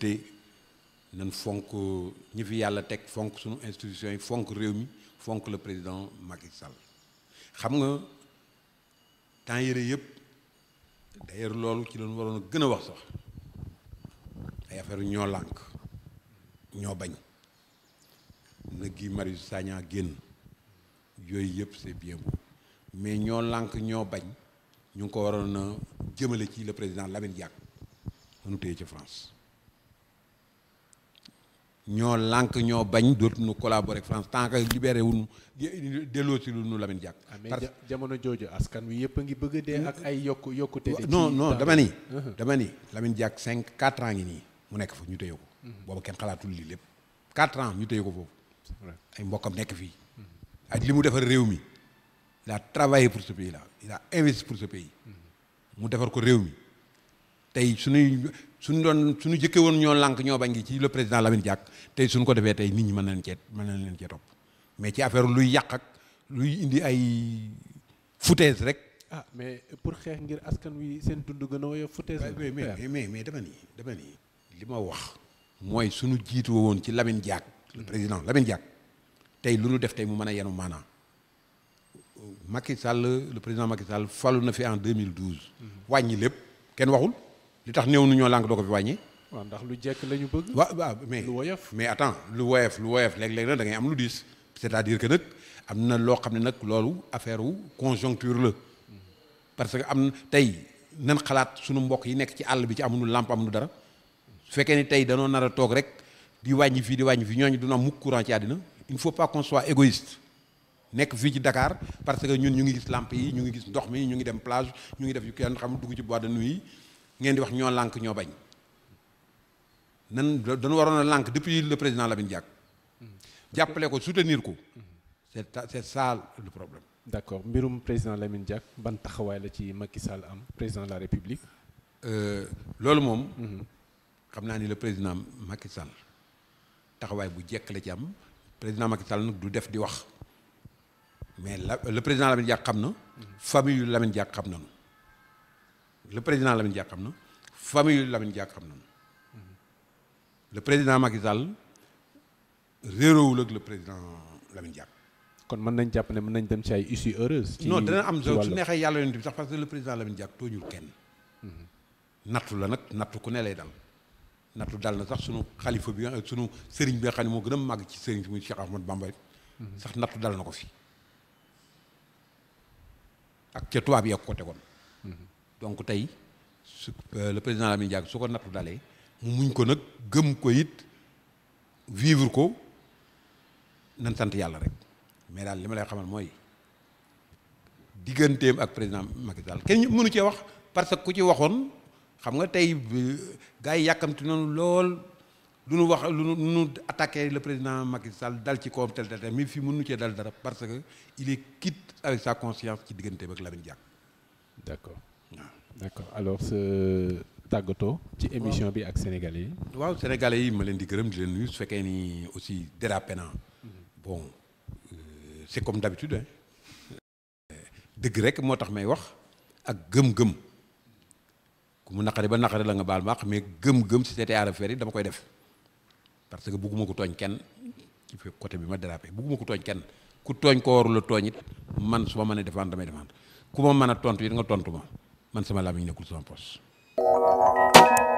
yi nan fonk ñi fi yàlla teg fonk sunu institution yi fonk réew mi fonk la président Macky Sall xam nga temps yére yëpp d'ailleurs loolu ci loolu waroon a gën a wax sax affaire ñoo lànk ñoo bañ na Guy Marius Sagna génn yooyu yëpp c'est bien beau mais ñoo lànk ñoo bañ ñu ngi ko waroon a jëmale ci le président Lamine Diack mënu téye ci France ñoo lànk ñoo bañ dootuñu collaborer ak France tant que libéré wuñu delloo si lu nu Lamine Diack. Ah, parce que askan wi yëpp a ngi bëgg a dee ak ay yokku yokkute. non non dama ni. Uh-huh. dama ni Lamine Diack cinq quatre ans ngi nii. mu nekk fa ñu téye ko. booba kenn xalaatul lii lépp quatre ans ñu téye ko foofu. ay mbokkam nekk fii. ak li mu defar réew mi il a pour ce pays la il a investi pour ce pays. mu defar ko réew mi tey suñuy suñu doon suñu jëkke woon ñoo lànk ñoo bañ ngi ci le président Lamine jàkk tey suñu ko defee tey nit ñi mën nañ cee mën nañ leen cee topp mais ci affaire luy yàq ak luy indi ay foutaise rek. ah mais pour xeex ngir askan wi seen dund gën a woyof foutaise mais mais mais nii dama nii. li ma wax mooy sunu jiitu woon ci lamin Diack le président Lamine Diack tey lu nu def tey mu mën a yenu maanaam Macky Sall le président Macky Sall falu na fi en 2012. wàññi lépp kenn waxul li tax néew nu ñoo lànk doo ko fi wàññi. ndax lu jekk la ñu bëgg. waaw waaw mais lu woyof mais lu woyof lu woyof léeg-léeg nag da ngay am lu diis c'est-à-dire que nag am na loo xam ne nag loolu affaire wu conjoncture la parce que am na tey nan xalaat sunu mbokk yi nekk ci àll bi ci amuñu làmp amuñu dara. su fekkee ni tey danoo nar a toog rek di wàññi fii di wàññi fii ñooñu dina am mukk courant ci àddina il faut pas qu'on soit égoïste nekk fii ci dakaar parce que ñun ñu ngi gis làmp yi ñu ngi gis ndox mi ñu ngi dem plage ñu ngi def yu kenn xam dugg ci bois de nuit yi ngeen di wax ñoo lànk ñoo bañ nan dañu waroon a lànk depuis le président Lamine Diack jàppale ko soutenir ko c'est c'est lu le problème d'accord mbirum président Lamine Diack ban taxawaay la ci makki Sall am président de la euh, loolu moom mhm. xam naa ni le président Macky Sall taxawaay bu jekk la ci am président Macky Sall nag du def di wax mais la le président Lamine Diack xam na famille yu Lamine Diack xam nañu le président Lamine Diack xam na famille yu Lamine Diack xam nañu le président Macky Sall réeróowul ak le président Lamine Diack. kon mën nañ jàpp ne mën nañ dem ci ay issue heureuse. ci non dana am su neexee yàlla yonent bi sax parce que le président Lamine Diack tooñul kenn. Mhm. nattu la nag nattu ku ne lay dal. nattu dal na sax sunu xalifa bi ak sunu sëriñ bi nga xam ne moo gën a màgg ci sëriñ bi muy Cheikh Ahmad Bamba sax nattu dal na ko fi ak ca tubaab yi ak ko tegoon donc tey su euh, président Lamine Diack su ko nattu dalee mu muñ ko nag gëm ko it vivre ko nan sant yàlla rek mais daal li ma lay xamal mooy digganteem ak président Macky Sall kenn mënu cee wax parce que ku ci waxoon xam nga tey gars yi yàkkamti noonu lool lu nu wax lu nu attaque le président Macky Sall dal ci kawam tel tel tel mais fii mënu cee dal dara parce que il est quitte avec sa conscience ci diggante ak Lamine Diack. d' d' accord alors ce tàggatoo. ci émission bi ak sénégalais yi. waaw sénégalais yi ma leen di gërëm di leen nuyu su fekkee ni aussi dérapé naa mhm. bon euh, c' est comme d' habitude euh, dëgg rek moo tax may wax ak gëm-gëm. ku mu naqari ba naqari la nga baal ma mais gëm-gëm si c'était à refaire dama koy def parce que bugguma ko tooñ kenn ci côté bi ma dérapé bugguma ko tooñ kenn ku tooñ ko warul la tooñ it man su ma mënee defaan damay défendre ku ma mën a tontu it nga tontu ma man sama làmmiñ nekkul sama poche.